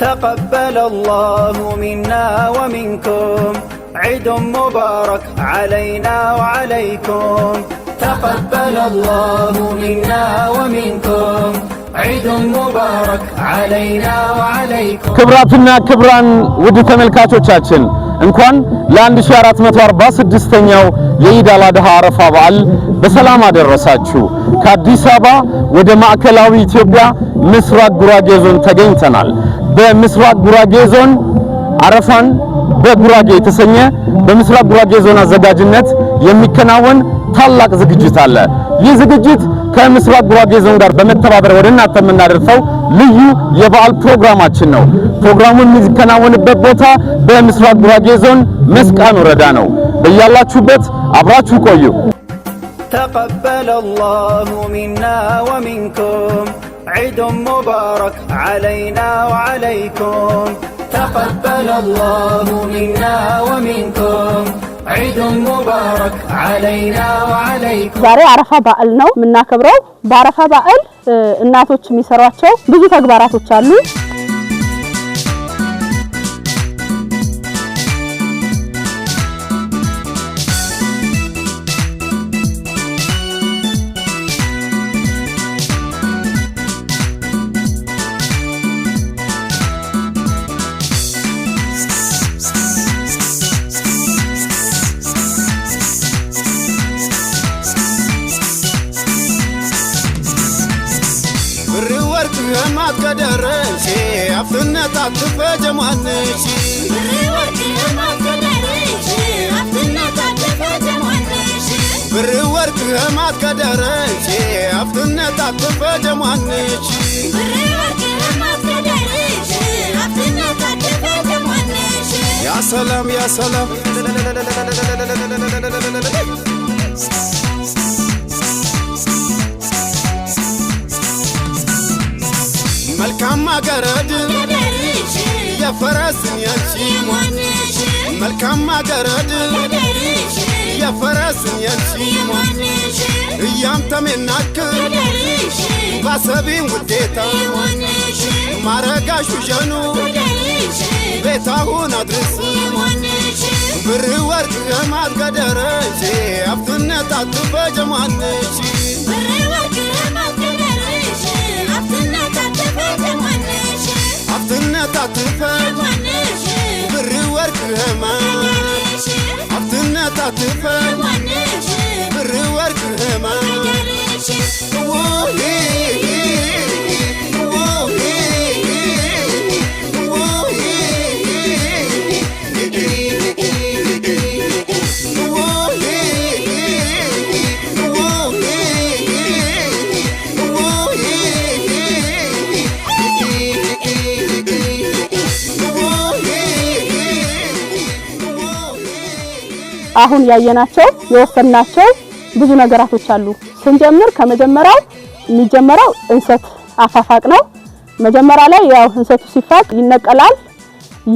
ተቀበለ አላሁ ሚና ወሚንኩም ዒዱን ሙባረክ ዓለይና ወዓለይኩም ተቀበለ አላሁ ሚና ወሚንኩም ዒዱን ሙባረክ ዓለይና ወዓለይኩም። ክብራትና ክብራን ውድ ተመልካቾቻችን እንኳን ለ1446ኛው የኢድ አል አድሃ አረፋ በዓል በሰላም አደረሳችሁ። ከአዲስ አበባ ወደ ማዕከላዊ ኢትዮጵያ ምስራቅ ጉራጌ ዞን ተገኝተናል። በምስራቅ ጉራጌ ዞን አረፋን በጉራጌ የተሰኘ በምስራቅ ጉራጌ ዞን አዘጋጅነት የሚከናወን ታላቅ ዝግጅት አለ። ይህ ዝግጅት ከምስራቅ ጉራጌ ዞን ጋር በመተባበር ወደ እናንተ የምናደርሰው ልዩ የበዓል ፕሮግራማችን ነው። ፕሮግራሙ የሚከናወንበት ቦታ በምስራቅ ጉራጌ ዞን መስቃን ወረዳ ነው። በያላችሁበት አብራችሁ ቆዩ። ተቀበለ አላሁ ሚና ወሚንኩም عيد مبارك علينا وعليكم تقبل الله منا ومنكم عيد مبارك علينا وعليكم ዛሬ አረፋ በዓል ነው የምናከብረው። በአረፋ በዓል እናቶች የሚሰሯቸው بيجي ተግባራቶች አሉ። አፍትነት አትፈጀ ማንሽ ብር ወርቅ ህማት ከደረሽ አፍትነት አትፈጀ ማንሽ ያ ሰላም መልካም አገረድ የፈረስን የቺ መልካም አገረድ የፈረስን የቺ እያምተም የናክ ባሰቢን ውዴታ ማረጋሽ ውሸኑ ቤታሁን አድርስ ብር ወርቅ የማት ገደረች አብትነት አትበጀማንች አትፈጅ ብር ወርቅ ህማም ሀብትነት አትፈጅ ብር ወርቅ ህማም አሁን ያየናቸው የወሰናቸው ብዙ ነገራቶች አሉ። ስንጀምር ከመጀመሪያው የሚጀመረው እንሰት አፋፋቅ ነው። መጀመሪያ ላይ ያው እንሰቱ ሲፋቅ ይነቀላል፣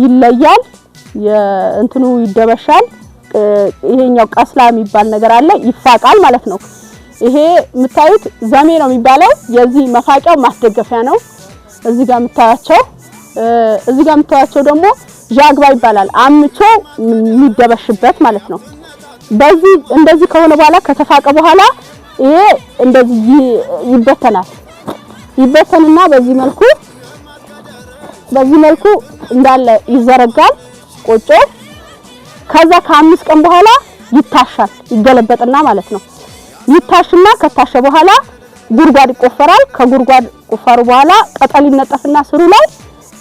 ይለያል፣ የእንትኑ ይደበሻል። ይሄኛው ቀስላ የሚባል ነገር አለ፣ ይፋቃል ማለት ነው። ይሄ የምታዩት ዘሜ ነው የሚባለው። የዚህ መፋቂያው ማስደገፊያ ነው። እዚህ ጋር የምታያቸው እዚህ ጋር የምታያቸው ደግሞ ዣግባ ይባላል። አምቾ የሚደበሽበት ማለት ነው። በዚህ እንደዚህ ከሆነ በኋላ ከተፋቀ በኋላ ይሄ እንደዚህ ይበተናል። ይበተንና በዚህ መልኩ በዚህ መልኩ እንዳለ ይዘረጋል ቆጮ። ከዛ ከአምስት ቀን በኋላ ይታሻል፣ ይገለበጥና ማለት ነው። ይታሽና ከታሸ በኋላ ጉድጓድ ይቆፈራል። ከጉድጓድ ቁፋሩ በኋላ ቅጠል ይነጠፍና ስሩ ላይ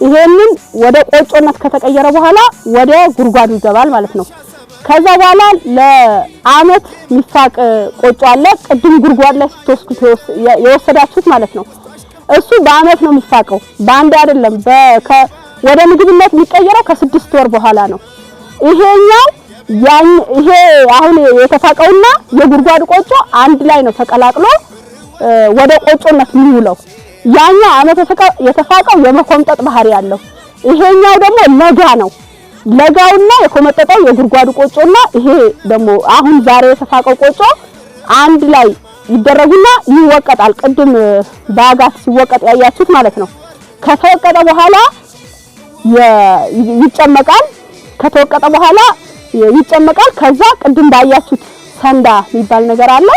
ይሄንን ወደ ቆጮነት ከተቀየረ በኋላ ወደ ጉድጓዱ ይገባል ማለት ነው። ከዛ በኋላ ለአመት ሚፋቅ ቆጮ አለ። ቅድም ጉድጓድ ላይ ስትወስዱት የወሰዳችሁት ማለት ነው። እሱ በአመት ነው የሚፋቀው፣ በአንድ አይደለም። ወደ ምግብነት የሚቀየረው ከስድስት ወር በኋላ ነው። ይሄኛው ያን ይሄ አሁን የተፋቀውና የጉድጓድ ቆጮ አንድ ላይ ነው ተቀላቅሎ ወደ ቆጮነት የሚውለው። ያኛው አመተ የተፋቀው የመኮምጠጥ ባህሪ ያለው፣ ይሄኛው ደግሞ ለጋ ነው። ለጋውና የኮመጠጠው የጉድጓዱ ቆጮና ይሄ ደግሞ አሁን ዛሬ የተፋቀው ቆጮ አንድ ላይ ይደረጉና ይወቀጣል። ቅድም በአጋት ሲወቀጥ ያያችሁት ማለት ነው። ከተወቀጠ በኋላ ይጨመቃል። ከተወቀጠ በኋላ ይጨመቃል። ከዛ ቅድም ባያችሁት ሰንዳ የሚባል ነገር አለ።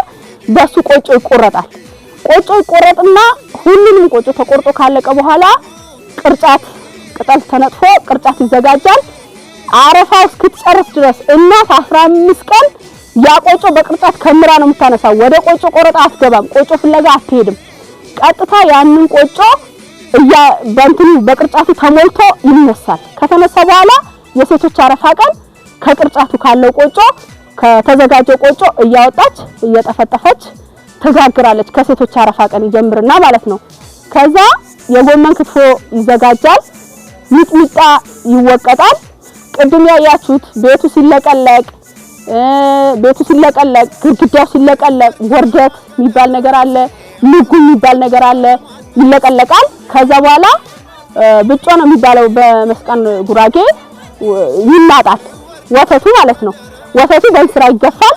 በሱ ቆጮ ይቆረጣል። ቆጮ ይቆረጥና ሁሉንም ቆጮ ተቆርጦ ካለቀ በኋላ ቅርጫት ቅጠል ተነጥፎ ቅርጫት ይዘጋጃል። አረፋው እስክትጨርስ ድረስ እናት 15 ቀን ያ ቆጮ በቅርጫት ከምራ ነው የምታነሳው። ወደ ቆጮ ቆረጣ አትገባም። ቆጮ ፍለጋ አትሄድም። ቀጥታ ያንን ቆጮ እያ በእንትኑ በቅርጫቱ ተሞልቶ ይነሳል። ከተነሳ በኋላ የሴቶች አረፋ ቀን ከቅርጫቱ ካለው ቆጮ ከተዘጋጀው ቆጮ እያወጣች እየጠፈጠፈች ተጋግራለች። ከሴቶች አረፋ ቀን ይጀምርና ማለት ነው። ከዛ የጎመን ክትፎ ይዘጋጃል። ሚጥሚጣ ይወቀጣል። ቅድም ያያችሁት ቤቱ ሲለቀለቅ ቤቱ ሲለቀለቅ ግድግዳው ሲለቀለቅ ወርደት የሚባል ነገር አለ፣ ልጉ የሚባል ነገር አለ። ይለቀለቃል። ከዛ በኋላ ብጮ ነው የሚባለው በመስቀን ጉራጌ ይናጣል። ወተቱ ማለት ነው። ወተቱ በእንስራ ይገፋል።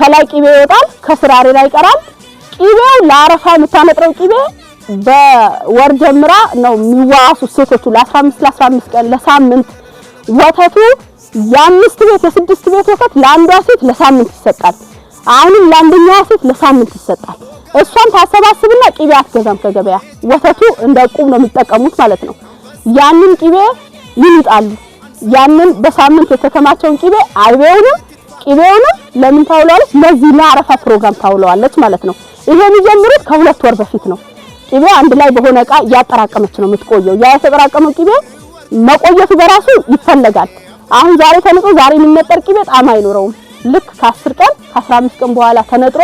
ከላይ ቂቤ ይወጣል። ከስራ ሬላ ይቀራል። ቂቤው ለአረፋ የምታነጥረው ቂቤ በወር ጀምራ ነው የሚዋሱ ሴቶቹ ለ15 ለ15 ቀን ለሳምንት ወተቱ የአምስት ቤት የስድስት ቤት ወተት ለአንዷ ሴት ለሳምንት ይሰጣል። አሁንም ለአንደኛዋ ሴት ለሳምንት ይሰጣል። እሷን ታሰባስብና ቂቤ አትገዛም ከገበያ ወተቱ እንደ ነው የሚጠቀሙት ማለት ነው። ያንን ቂቤ ይልጣሉ። ያንን በሳምንት የተከማቸውን ቂቤ አይቤውንም ቂቤውንም ለምን ታውለዋለች? ለዚህ ለአረፋ ፕሮግራም ታውለዋለች ማለት ነው። ይሄ የሚጀምሩት ከሁለት ወር በፊት ነው። ቅቤ አንድ ላይ በሆነ እቃ እያጠራቀመች ነው የምትቆየው። ያ የተጠራቀመው ቅቤ መቆየቱ በራሱ ይፈለጋል። አሁን ዛሬ ተነጥሮ ዛሬ የሚነጠር ቅቤ ጣም አይኖረውም። ልክ ከ10 ቀን ከ15 ቀን በኋላ ተነጥሮ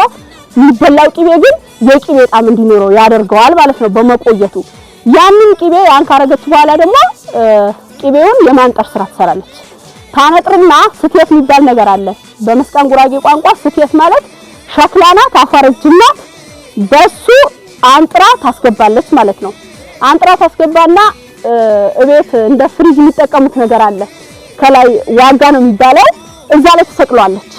የሚበላው ቅቤ ግን የቅቤ ጣም እንዲኖረው ያደርገዋል ማለት ነው በመቆየቱ። ያንን ቅቤ ያን ካረገች በኋላ ደግሞ ቅቤውን የማንጠር ስራ ትሰራለች። ታነጥርና ስትየት የሚባል ነገር አለ። በመስቃን ጉራጌ ቋንቋ ስትየት ማለት ሸክላ ናት፣ አፈር በሱ አንጥራ ታስገባለች ማለት ነው። አንጥራ ታስገባና እቤት እንደ ፍሪጅ የሚጠቀሙት ነገር አለ። ከላይ ዋጋ ነው የሚባለው። እዛ ላይ ተሰቅሏለች።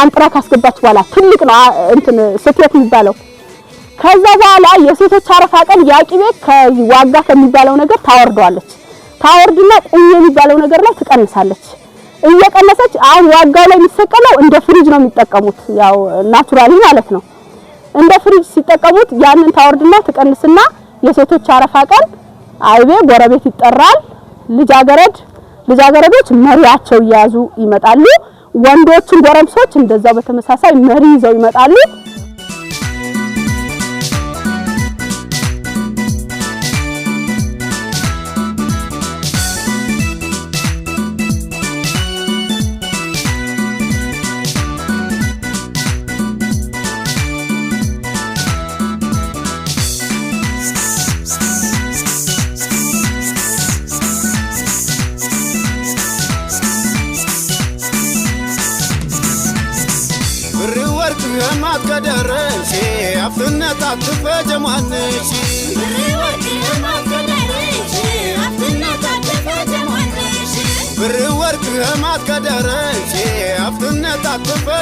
አንጥራ ካስገባች በኋላ ትልቅ ነው እንትን ስፌት የሚባለው። ከዛ በኋላ የሴቶች አረፋ ቀን ያቂቤ ከዋጋ ከሚባለው ነገር ታወርደዋለች። ታወርድና ቁኝ የሚባለው ነገር ላይ ትቀንሳለች። እየቀነሰች አሁን ዋጋው ላይ የሚሰቀለው እንደ ፍሪጅ ነው የሚጠቀሙት፣ ያው ናቹራሊ ማለት ነው። እንደ ፍሪጅ ሲጠቀሙት ያንን ታወርድና ትቀንስና የሴቶች አረፋ ቀን አይቤ ጎረቤት ይጠራል። ልጃገረድ ልጃገረዶች መሪያቸው እየያዙ ይመጣሉ። ወንዶቹን ጎረምሶች እንደዛው በተመሳሳይ መሪ ይዘው ይመጣሉ።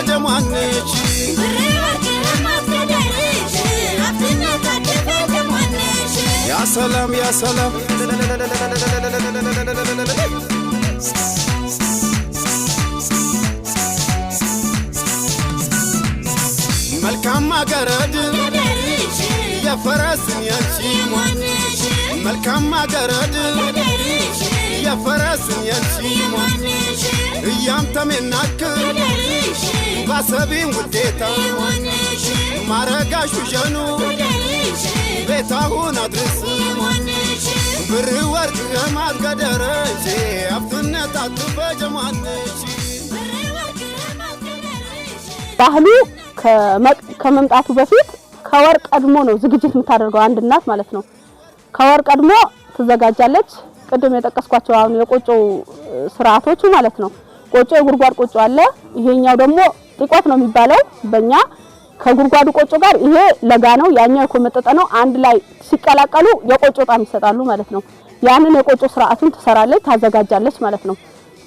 يا سلام يا سلام መልካም አገረድ የፈረስን ያንቺ መልካም አገረድ የፈረስየንቺ እያምተም የናክር ባሰቢን ውዴታ ማረጋሹ ዠኑ ቤታሁን አድርስ ብር ወርቅ የማትገደረች አፍትነት አትበጀማለች ባህሉ ከመምጣቱ በፊት ከወር ቀድሞ ነው ዝግጅት የምታደርገው አንድ እናት ማለት ነው። ከወር ቀድሞ ትዘጋጃለች። ቅድም የጠቀስኳቸው አሁን የቆጮ ስርዓቶቹ ማለት ነው። ቆጮ የጉድጓድ ቆጮ አለ። ይሄኛው ደግሞ ጢቆት ነው የሚባለው በእኛ ከጉድጓዱ ቆጮ ጋር ይሄ ለጋ ነው፣ ያኛው የኮመጠጠ ነው። አንድ ላይ ሲቀላቀሉ የቆጮ ጣም ይሰጣሉ ማለት ነው። ያንን የቆጮ ስርዓቱን ትሰራለች፣ ታዘጋጃለች ማለት ነው።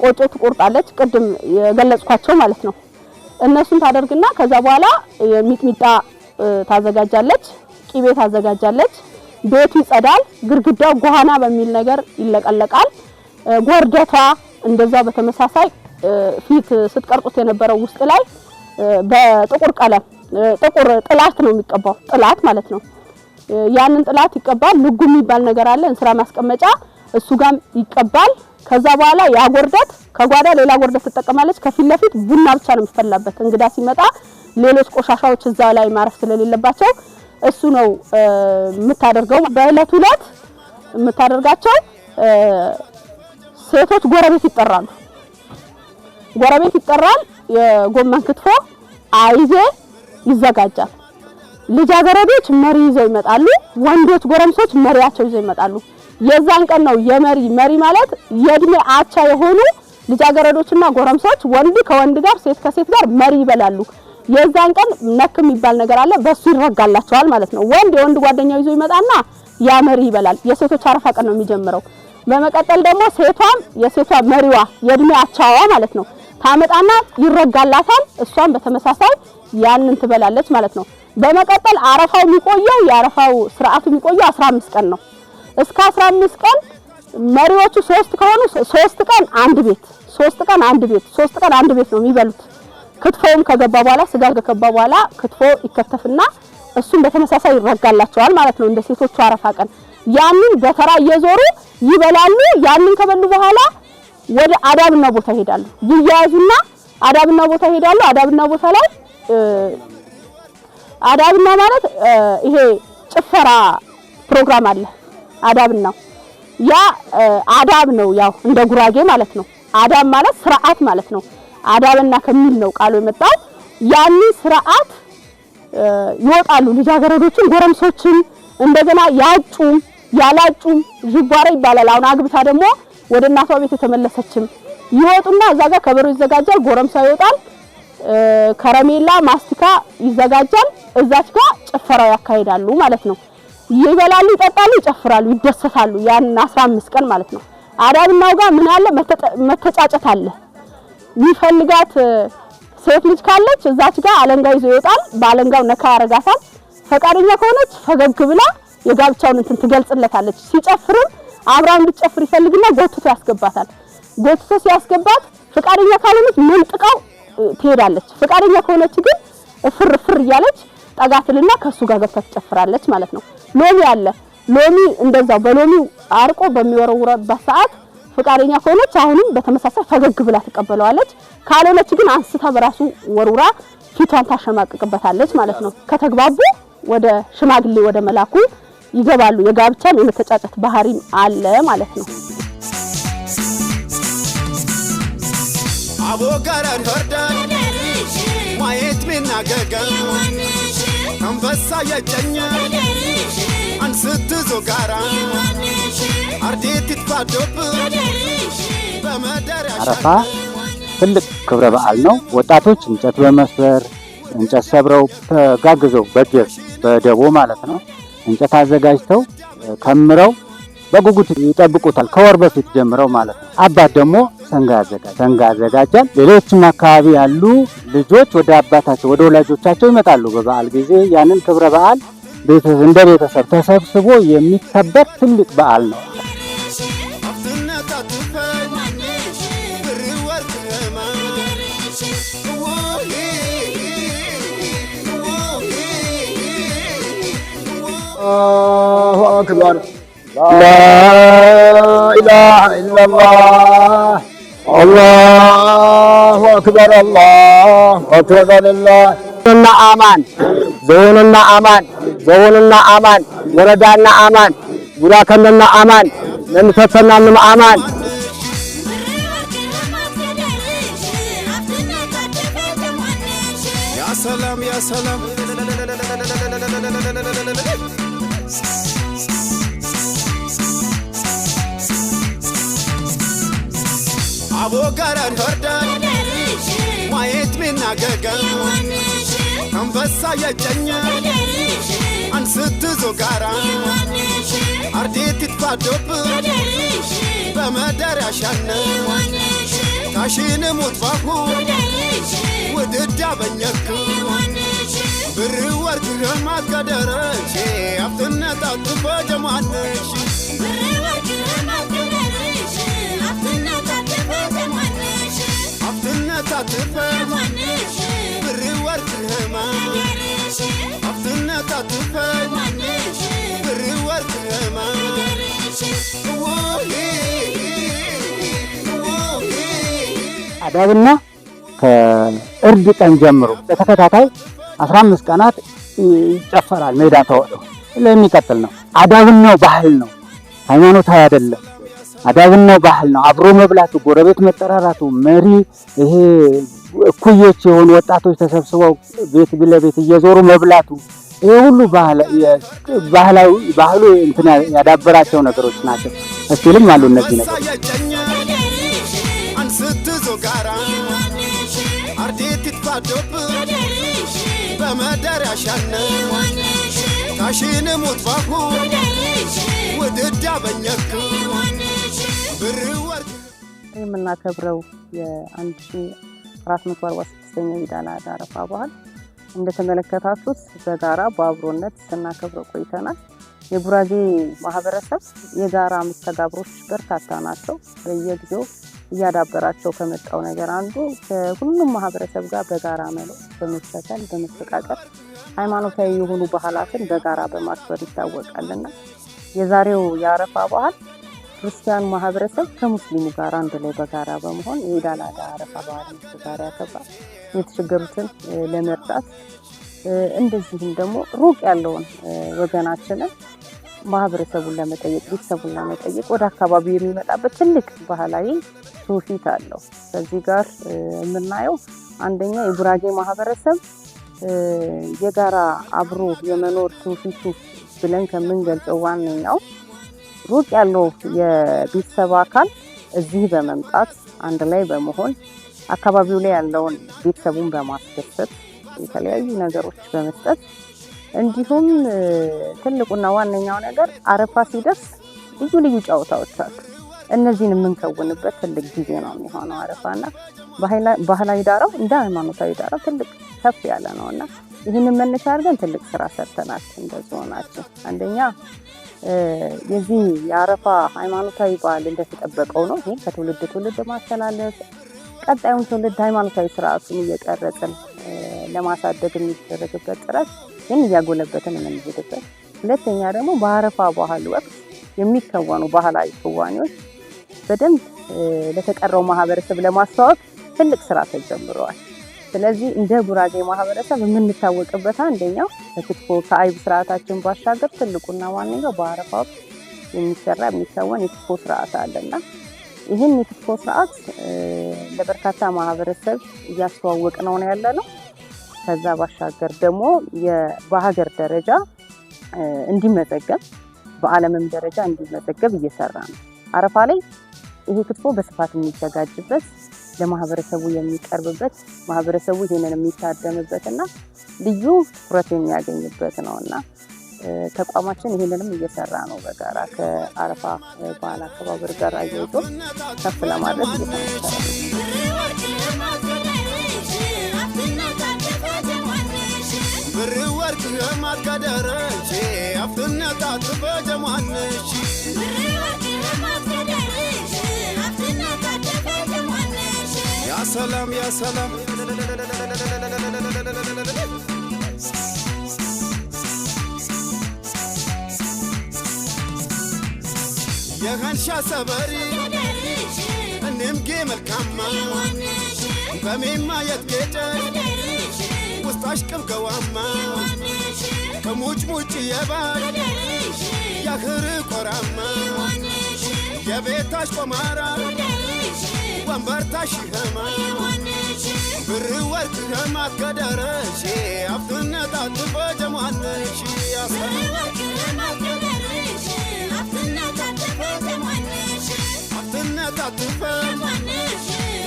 ቆጮ ትቆርጣለች፣ ቅድም የገለጽኳቸው ማለት ነው። እነሱን ታደርግና ከዛ በኋላ ሚጥሚጣ ታዘጋጃለች፣ ቂቤ ታዘጋጃለች። ቤቱ ይጸዳል፣ ግርግዳው ጓሃና በሚል ነገር ይለቀለቃል። ጎርደቷ እንደዛ በተመሳሳይ ፊት ስትቀርቁት የነበረው ውስጥ ላይ በጥቁር ቀለም ጥቁር ጥላት ነው የሚቀባው፣ ጥላት ማለት ነው። ያንን ጥላት ይቀባል። ልጉ የሚባል ነገር አለ፣ እንስራ ማስቀመጫ፣ እሱ ጋም ይቀባል። ከዛ በኋላ ያ ጎርደት ከጓዳ ሌላ ጎርደት ትጠቀማለች። ከፊት ለፊት ቡና ብቻ ነው የሚፈላበት። እንግዳ ሲመጣ ሌሎች ቆሻሻዎች እዛ ላይ ማረፍ ስለሌለባቸው እሱ ነው የምታደርገው። በእለት እለት የምታደርጋቸው ሴቶች ጎረቤት ይጠራሉ። ጎረቤት ይጠራል። የጎመን ክትፎ አይዜ ይዘጋጃል። ልጃገረዶች መሪ ይዘው ይመጣሉ። ወንዶች ጎረምሶች መሪያቸው ይዘው ይመጣሉ። የዛን ቀን ነው የመሪ መሪ ማለት የእድሜ አቻ የሆኑ ልጃገረዶችና ጎረምሶች ወንድ ከወንድ ጋር ሴት ከሴት ጋር መሪ ይበላሉ። የዛን ቀን ነክ የሚባል ነገር አለ። በሱ ይረጋላቸዋል ማለት ነው። ወንድ የወንድ ጓደኛው ይዞ ይመጣና ያ መሪ ይበላል። የሴቶች አረፋ ቀን ነው የሚጀምረው። በመቀጠል ደግሞ ሴቷም የሴቷ መሪዋ የእድሜ አቻዋ ማለት ነው ታመጣና ይረጋላታል። እሷም በተመሳሳይ ያንን ትበላለች ማለት ነው። በመቀጠል አረፋው የሚቆየው የአረፋው ስርዓቱ የሚቆየው 15 ቀን ነው። እስከ 15 ቀን መሪዎቹ ሶስት ከሆኑ ሶስት ቀን አንድ ቤት ሶስት ቀን አንድ ቤት ሶስት ቀን አንድ ቤት ነው የሚበሉት። ክትፎውም ከገባ በኋላ ስጋ ከገባ በኋላ ክትፎ ይከተፍና እሱም በተመሳሳይ ይረጋላቸዋል ማለት ነው። እንደ ሴቶቹ አረፋ ቀን ያንን በተራ እየዞሩ ይበላሉ። ያንን ከበሉ በኋላ ወደ አዳብና ቦታ ይሄዳሉ። ይያያዙና አዳብና ቦታ ይሄዳሉ። አዳብና ቦታ ላይ አዳብና ማለት ይሄ ጭፈራ ፕሮግራም አለ። አዳብና ያ አዳብ ነው፣ ያው እንደ ጉራጌ ማለት ነው። አዳብ ማለት ስርዓት ማለት ነው። አዳበና ከሚል ነው ቃሉ የመጣው። ያንን ስርዓት ይወጣሉ ልጃገረዶችን፣ ጎረምሶችን እንደገና ያጩ ያላጩ ዥጓሬ ይባላል። አሁን አግብታ ደግሞ ወደ እናቷ ቤት የተመለሰችም ይወጡና እዛ ጋር ከበሮ ይዘጋጃል፣ ጎረምሳ ይወጣል፣ ከረሜላ ማስቲካ ይዘጋጃል። እዛች ጋር ጭፈራው ያካሂዳሉ ማለት ነው። ይበላሉ፣ ይጠጣሉ፣ ይጨፍራሉ፣ ይደሰታሉ። ያን 15 ቀን ማለት ነው። አዳብናው ጋር ምን አለ መተጫጨት አለ። የሚፈልጋት ሴት ልጅ ካለች እዛች ጋር አለንጋ ይዞ ይወጣል። በአለንጋው ነካ ያረጋታል። ፈቃደኛ ከሆነች ፈገግ ብላ የጋብቻውን እንትን ትገልጽለታለች። ሲጨፍርም አብራ እንድትጨፍር ይፈልግና ጎትቶ ያስገባታል። ጎትቶ ሲያስገባት ፈቃደኛ ካልሆነች መንጥቃው ትሄዳለች። ፈቃደኛ ከሆነች ግን እፍር እፍር እያለች ጠጋትልና ከሱ ጋር ገብታ ትጨፍራለች ማለት ነው። ሎሚ አለ። ሎሚ እንደዛው በሎሚ አርቆ በሚወረውረበት ሰዓት ፈቃደኛ ከሆነች አሁንም በተመሳሳይ ፈገግ ብላ ትቀበለዋለች። ካልሆነች ግን አንስታ በራሱ ወርውራ ፊቷን ታሸማቅቅበታለች ማለት ነው። ከተግባቡ ወደ ሽማግሌ ወደ መላኩ ይገባሉ። የጋብቻም የመተጫጨት ባህሪም አለ ማለት ነው። አቦ ጋራ ማየት ምናገጋ አንበሳ ያጨኘ አንስትዞ ጋራ አርዴት በመደር አረፋ ትልቅ ክብረ በዓል ነው። ወጣቶች እንጨት በመስበር እንጨት ሰብረው ተጋግዘው በጌር በደቦ ማለት ነው እንጨት አዘጋጅተው ከምረው በጉጉት ይጠብቁታል፣ ከወር በፊት ጀምረው ማለት ነው። አባት ደግሞ ሰንጋ ያዘጋጅ ሰንጋ ያዘጋጃል። ሌሎችም አካባቢ ያሉ ልጆች ወደ አባታቸው ወደ ወላጆቻቸው ይመጣሉ በበዓል ጊዜ። ያንን ክብረ በዓል እንደ ቤተሰብ ተሰብስቦ የሚከበር ትልቅ በዓል ነው። አላሁ አክበር La ilahe illallah. Allahu akbar Allahu akbar Allah. Zorunla aman. Zorunla aman. Zorunla aman. Buradanla aman. Burakanlarla aman. Memleketlerle aman. Ya salam ya salam. አቦጋራን ሆርዳን ማየት ሚናገጋ አንበሳ ያጨኛ አንስትዞ ጋራ አርዴት በመደር በመዳሪያሻነ ታሽን ሙት ባሁ ውድዳ በኘክ ብር ወርቅ ሸማት ገደረሽ አብትነት አጥፎ ጀማነሽ ብር ወርቅ ሸማት ገደረሽ ሀብትነት አትፈማ ብር ወርቅ ነማ ሀብትነት አትፈማ ብር ወርቅ ነማ አዳብና ከእርድ ቀን ጀምሮ በተከታታይ 15 ቀናት ይጨፈራል። ሜዳ ተወዶ ለሚቀጥል ነው። አዳብናው ባህል ነው፣ ሃይማኖታዊ አይደለም። አዳብና ባህል ነው። አብሮ መብላቱ፣ ጎረቤት መጠራራቱ፣ መሪ ይሄ እኩዮች የሆኑ ወጣቶች ተሰብስበው ቤት ለቤት እየዞሩ መብላቱ ይሄ ሁሉ ባህላዊ ባህሉ እንትን ያዳበራቸው ነገሮች ናቸው። እስቲልም አሉ እነዚህ ነገሮች የምናከብረው የ1446ኛው ኢድ አል አድሃ አረፋ በዓል እንደተመለከታችሁት በጋራ በአብሮነት ስናከብረው ቆይተናል። የጉራጌ ማህበረሰብ የጋራ መስተጋብሮች በርካታ ናቸው። በየጊዜው እያዳበራቸው ከመጣው ነገር አንዱ ከሁሉም ማህበረሰብ ጋር በጋራ መኖር፣ በመቻቻል፣ በመፈቃቀር ሃይማኖታዊ የሆኑ ባህላትን በጋራ በማክበር ይታወቃልና የዛሬው የአረፋ በዓል ክርስቲያኑ ማህበረሰብ ከሙስሊሙ ጋር አንድ ላይ በጋራ በመሆን የኢድ አል አድሃ አረፋ በዓል ጋር ያከብራል። የተቸገሩትን ለመርዳት እንደዚሁም ደግሞ ሩቅ ያለውን ወገናችንን ማህበረሰቡን ለመጠየቅ ቤተሰቡን ለመጠየቅ ወደ አካባቢው የሚመጣበት ትልቅ ባህላዊ ትውፊት አለው። ከዚህ ጋር የምናየው አንደኛ የጉራጌ ማህበረሰብ የጋራ አብሮ የመኖር ትውፊቱ ብለን ከምንገልጸው ዋነኛው ሩቅ ያለው የቤተሰብ አካል እዚህ በመምጣት አንድ ላይ በመሆን አካባቢው ላይ ያለውን ቤተሰቡን በማስደሰት የተለያዩ ነገሮች በመስጠት እንዲሁም ትልቁና ዋነኛው ነገር አረፋ ሲደርስ ልዩ ልዩ ጨዋታዎች አሉ። እነዚህን የምንከውንበት ትልቅ ጊዜ ነው የሚሆነው አረፋና ባህላዊ ዳራው እንደ ሃይማኖታዊ ዳራው ትልቅ ከፍ ያለ ነው እና ይህንን መነሻ አድርገን ትልቅ ስራ ሰርተናል። እንደዚሆናቸው አንደኛ የዚህ የአረፋ ሃይማኖታዊ በዓል እንደተጠበቀው ነው። ይህም ከትውልድ ትውልድ ማስተላለፍ ቀጣዩን ትውልድ ሃይማኖታዊ ስርዓቱን እየቀረጽን ለማሳደግ የሚደረግበት ጥረት ይህን እያጎለበትን የምንሄድበት፣ ሁለተኛ ደግሞ በአረፋ ባህል ወቅት የሚከወኑ ባህላዊ ክዋኔዎች በደንብ ለተቀረው ማህበረሰብ ለማስተዋወቅ ትልቅ ስራ ተጀምረዋል። ስለዚህ እንደ ጉራጌ ማህበረሰብ የምንታወቅበት አንደኛው በክትፎ ከአይብ ስርዓታችን ባሻገር ትልቁና ዋነኛው በአረፋ ወቅት የሚሰራ የሚከወን የክትፎ ስርዓት አለና ይህን የክትፎ ስርዓት ለበርካታ ማህበረሰብ እያስተዋወቅ ነው ነው ያለ ነው። ከዛ ባሻገር ደግሞ በሀገር ደረጃ እንዲመዘገብ በዓለምም ደረጃ እንዲመዘገብ እየሰራ ነው። አረፋ ላይ ይሄ ክትፎ በስፋት የሚዘጋጅበት ለማህበረሰቡ የሚቀርብበት ማህበረሰቡ ይህንን የሚታደምበት እና ልዩ ትኩረት የሚያገኝበት ነው እና ተቋማችን ይህንንም እየሰራ ነው። በጋራ ከአረፋ በዓል አከባበር ጋር አያይዞ ከፍ ለማድረግ እየተመሰረ ያ ሰላም ያ ሰላም የኸንሻ ሰበሪ እኔምጌ መልካማ በሜማ የትጌጨ ውስጣሽ ቅብገዋማ ከሙጭሙጭ የባል የኽር ቆራማ የቤታሽ ቆማራ ወንበር ታሽኸማ ብር ወርቅ ህማት ከደረሽ አፍትነት አጥፎ ጀሟነሽ አፍትነት አጥፈ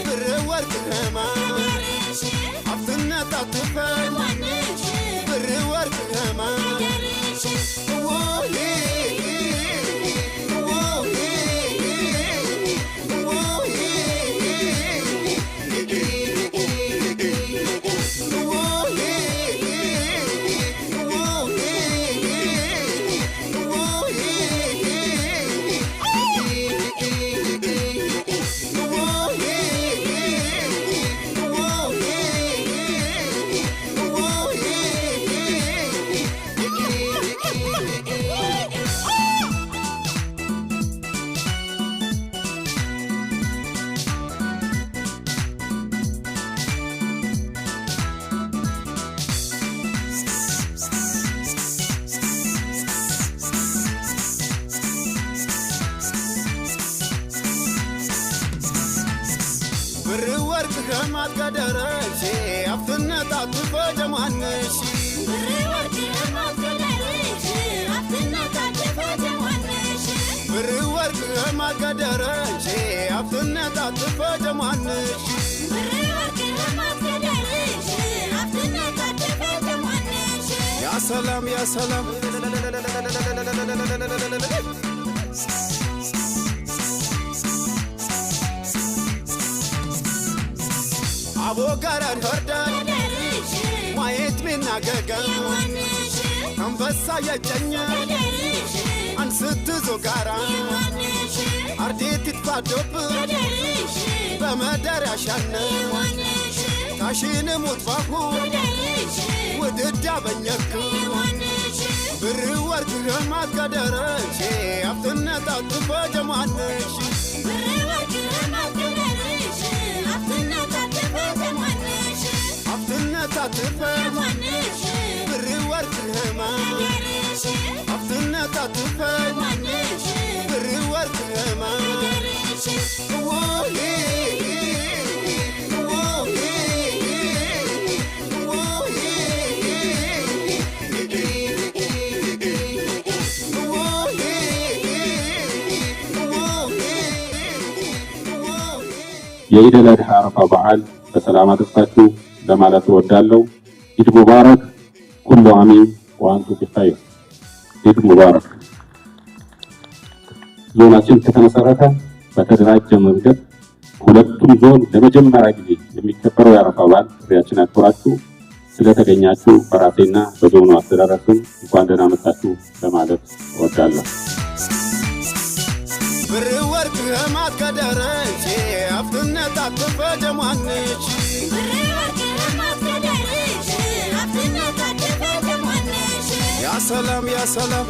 ብር ወርቅ ህማ አፍትነት አጥፈ ብር ወርቅ ህማ ገማት አፍትነት አጥፎ ጀማንሽ ብር ወርቅ ገማት ገደረሽ አፍትነት አጥፎ ጀማንሽ ያ ሰላም አቦጋራን ወርዳን ማየት ሚናገጋ አንበሳ የጨኛ አንስትዞ ጋራ አርዴት በመደር በመደራሻነ ታሽን ሙትፋሁ ውድዳ በኘክ ብር ወርቅ ገማት ከደረሽ አፍትነት ጀማነሽ አፍትነት አትፈር ብር ወርቅ ህማ አፍትነት አትፈር ብር ወርቅ ህማ የኢደል አድሃ አረፋ በዓል በሰላም አደረሳችሁ። ለማለት እወዳለሁ። ኢድ ሙባረክ ኩሉ አሚን ወአንቱ ቢኸይር። ኢድ ሙባረክ። ዞናችን ከተመሰረተ በተደራጀ መንገድ ሁለቱም ዞን ለመጀመሪያ ጊዜ የሚከበረው የአረፋ በዓል ጥሪያችን አክብራችሁ ስለተገኛችሁ በራሴና በዞኑ አስተዳደር እንኳን ደህና መጣችሁ ለማለት እወዳለሁ። ብር ወርቅ ህማት ከደረች አፍትነት አትፈጀሟነች ያ ሰላም ያ ሰላም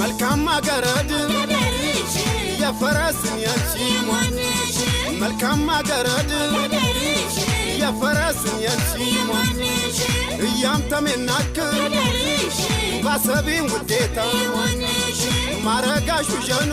መልካም አገረድ የፈረስን ያቺ መልካም አገረድ የፈረስን ያቺ እያምተሜናክ ባሰቢን ውዴታ ማረጋሹ ዠኑ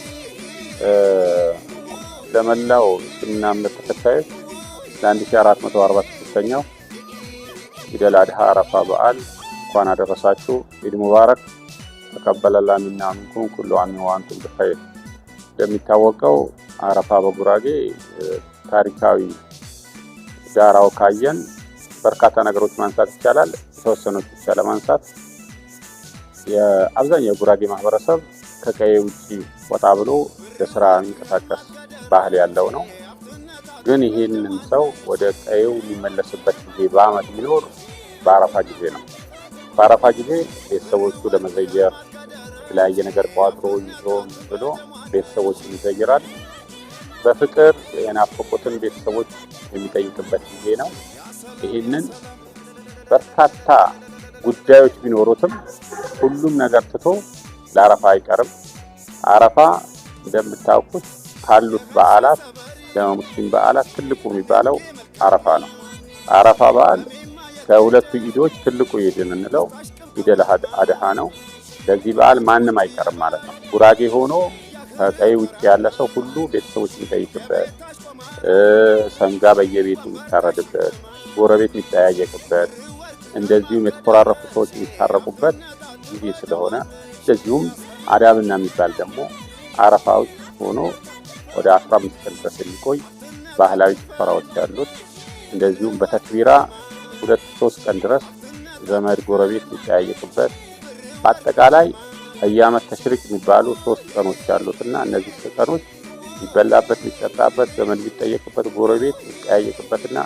ለመላው እስልምና እምነት ተከታዮች ለ1446ኛው ኢደል አድሃ አረፋ በዓል እንኳን አደረሳችሁ። ኢድ ሙባረክ። ተቀበለላ ሚና ሚንኩም ኩሉ አሚን ወአንቱም ብኸይር። እንደሚታወቀው አረፋ በጉራጌ ታሪካዊ ዳራው ካየን በርካታ ነገሮች ማንሳት ይቻላል። የተወሰኑት ብቻ ለማንሳት የአብዛኛው የጉራጌ ማህበረሰብ ከቀዬ ውጭ ወጣ ብሎ ለስራ የሚንቀሳቀስ ባህል ያለው ነው። ግን ይህንን ሰው ወደ ቀዬው የሚመለስበት ጊዜ በአመት ቢኖር በአረፋ ጊዜ ነው። በአረፋ ጊዜ ቤተሰቦቹ ለመዘየር የተለያየ ነገር ቋጥሮ ይዞ ብሎ ቤተሰቦችን ይዘይራል። በፍቅር የናፈቁትን ቤተሰቦች የሚጠይቅበት ጊዜ ነው። ይህንን በርካታ ጉዳዮች ቢኖሩትም ሁሉም ነገር ትቶ ለአረፋ አይቀርም። አረፋ እንደምታውቁት ካሉት በዓላት ለሙስሊም በዓላት ትልቁ የሚባለው አረፋ ነው። አረፋ በዓል ከሁለቱ ኢዶች ትልቁ ኢድ የምንለው ኢደል አድሃ ነው። ለዚህ በዓል ማንም አይቀርም ማለት ነው። ጉራጌ ሆኖ ከቀይ ውጭ ያለ ሰው ሁሉ ቤተሰቦች የሚጠይቅበት፣ ሰንጋ በየቤቱ የሚታረድበት፣ ጎረቤት የሚጠያየቅበት፣ እንደዚሁም የተኮራረፉ ሰዎች የሚታረቁበት ጊዜ ስለሆነ እንደዚሁም አዳምና የሚባል ደግሞ አረፋ ውስጥ ሆኖ ወደ አስራ አምስት ቀን ድረስ የሚቆይ ባህላዊ ጭፈራዎች ያሉት እንደዚሁም በተክቢራ ሁለት ሶስት ቀን ድረስ ዘመድ ጎረቤት የሚጠያየቅበት በአጠቃላይ በየዓመት ተሽሪቅ የሚባሉ ሶስት ቀኖች ያሉት እና እነዚህ ቀኖች የሚበላበት የሚጠጣበት ዘመድ የሚጠየቅበት ጎረቤት የሚጠያየቅበትና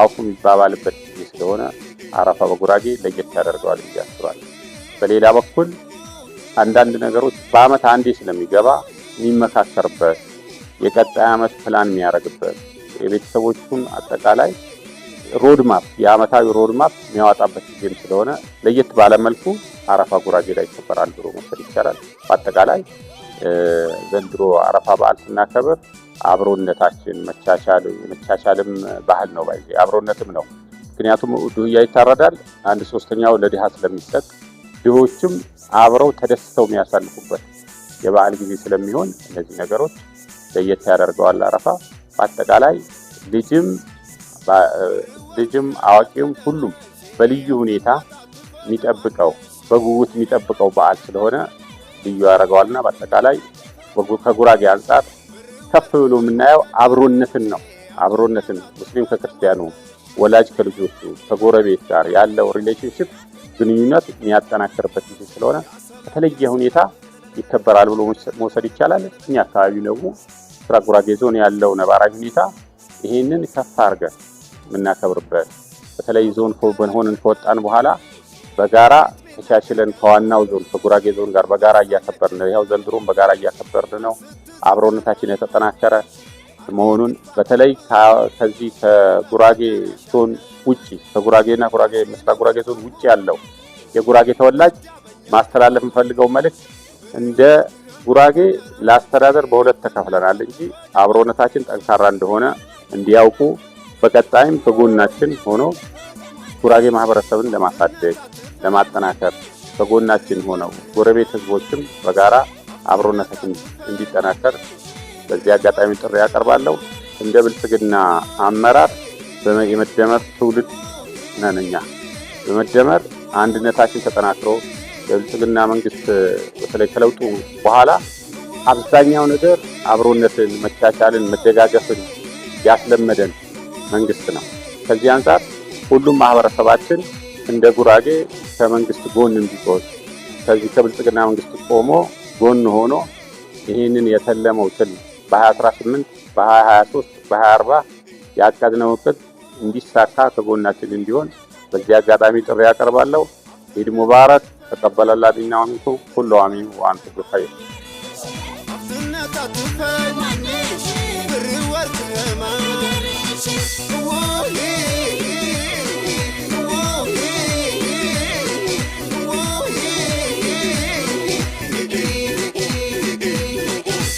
አውፉ የሚባባልበት ጊዜ ስለሆነ አረፋ በጉራጌ ለየት ያደርገዋል ብዬ አስባለሁ። በሌላ በኩል አንዳንድ ነገሮች በአመት አንዴ ስለሚገባ የሚመካከርበት የቀጣይ አመት ፕላን የሚያደርግበት የቤተሰቦቹን አጠቃላይ ሮድማፕ የአመታዊ ሮድማፕ የሚያወጣበት ጊዜም ስለሆነ ለየት ባለመልኩ አረፋ ጉራጌ ላይ ይከበራል ብሎ መውሰድ ይቻላል። በአጠቃላይ ዘንድሮ አረፋ በዓል ስናከብር አብሮነታችን መቻቻልም ባህል ነው ባይ አብሮነትም ነው። ምክንያቱም ድህያ ይታረዳል። አንድ ሶስተኛው ለድሃ ስለሚሰጥ ድሆችም አብረው ተደስተው የሚያሳልፉበት የበዓል ጊዜ ስለሚሆን እነዚህ ነገሮች ለየት ያደርገዋል አረፋ። በአጠቃላይ ልጅም ልጅም አዋቂውም ሁሉም በልዩ ሁኔታ የሚጠብቀው በጉጉት የሚጠብቀው በዓል ስለሆነ ልዩ ያደርገዋልና በአጠቃላይ ከጉራጌ አንጻር ከፍ ብሎ የምናየው አብሮነትን ነው። አብሮነትን ሙስሊም ከክርስቲያኑ፣ ወላጅ ከልጆቹ ከጎረቤት ጋር ያለው ሪሌሽንሽፕ ግንኙነት የሚያጠናክርበት ጊዜ ስለሆነ በተለየ ሁኔታ ይከበራል ብሎ መውሰድ ይቻላል። እኛ አካባቢ ደግሞ ስራ ጉራጌ ዞን ያለው ነባራዊ ሁኔታ ይህንን ከፍ አድርገን የምናከብርበት በተለይ ዞን ሆነን ከወጣን በኋላ በጋራ ተቻችለን ከዋናው ዞን ከጉራጌ ዞን ጋር በጋራ እያከበርን ነው። ይኸው ዘንድሮም በጋራ እያከበርን ነው። አብሮነታችን የተጠናከረ መሆኑን በተለይ ከዚህ ከጉራጌ ዞን ውጭ ከጉራጌና ጉራጌ ምስራቅ ጉራጌ ዞን ውጭ ያለው የጉራጌ ተወላጅ ማስተላለፍ የምፈልገው መልእክት እንደ ጉራጌ ለአስተዳደር በሁለት ተከፍለናል እንጂ አብሮነታችን ጠንካራ እንደሆነ እንዲያውቁ በቀጣይም በጎናችን ሆኖ ጉራጌ ማህበረሰብን ለማሳደግ ለማጠናከር በጎናችን ሆነው ጎረቤት ህዝቦችም በጋራ አብሮነታችን እንዲጠናከር በዚህ አጋጣሚ ጥሪ ያቀርባለሁ። እንደ ብልጽግና አመራር የመደመር ትውልድ ነን እኛ። በመደመር አንድነታችን ተጠናክሮ በብልጽግና መንግስት በተለይ ከለውጡ በኋላ አብዛኛው ነገር አብሮነትን፣ መቻቻልን፣ መደጋገፍን ያስለመደን መንግስት ነው። ከዚህ አንጻር ሁሉም ማህበረሰባችን እንደ ጉራጌ ከመንግስት ጎን እንዲቆም ከዚህ ከብልጽግና መንግስት ቆሞ ጎን ሆኖ ይህንን የተለመው ትል በ2018 በ2023 በ2040 ያቀድነው እቅድ እንዲሳካ ከጎናችን እንዲሆን በዚህ አጋጣሚ ጥሪ ያቀርባለሁ። ኢድ ሙባረክ። ተቀበለላ ዲና ወሚንኩ ኩሉ አሚን ወአንቱም ብር ወርቅ